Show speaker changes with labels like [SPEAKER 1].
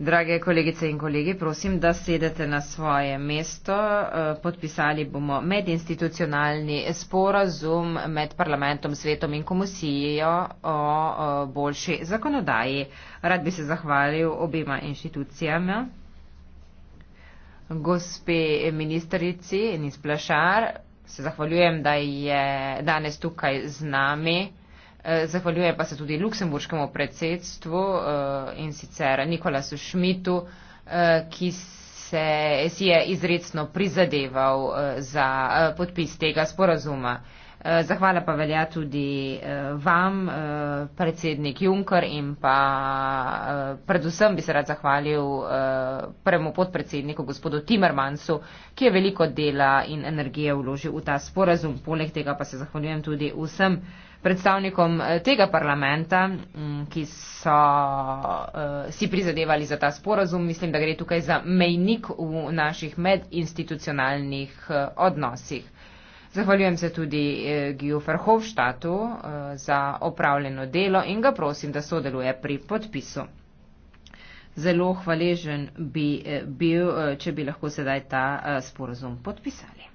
[SPEAKER 1] drage kolegice in kolegi prosim da sedete na svoje mesto eh, podpisali bomo medinstitucionalni sporazum med parlamentom svetom in komisijo o eh, boljši zakonodaji rad bi se zahvalil obima inštitucijama gospe ministrici in izplašar se zahvaljujem da je danes tukaj z nami Eh, zahvaljuje pa se tudi luksemburškemu predsedstvu eh, in sicer Nikolasu Šmitu, eh, ki se si je izredno prizadeval za podpis tega sporazuma. Eh, zahvala pa velja tudi eh, vam, eh, predsednik Juncker in pa predvsem bi se rad zahvalil prvemu podpredsedniku gospodu Timmermansu, ki je veliko dela in energije vložil v ta sporazum. Poleg tega pa se zahvaljujem tudi vsem predstavnikom tega parlamenta, mm, ki so si prizadevali za ta sporazum. Mislim, da gre tukaj za mejnik v naših medinstitucionalnih odnosih. Zahvaljujem se tudi eh, Giju Ferhovštatu eh, za opravljeno delo in ga prosim, da sodeluje pri podpisu. Zelo hvaležen bi eh, bil, če bi lahko sedaj ta sporozum podpisali.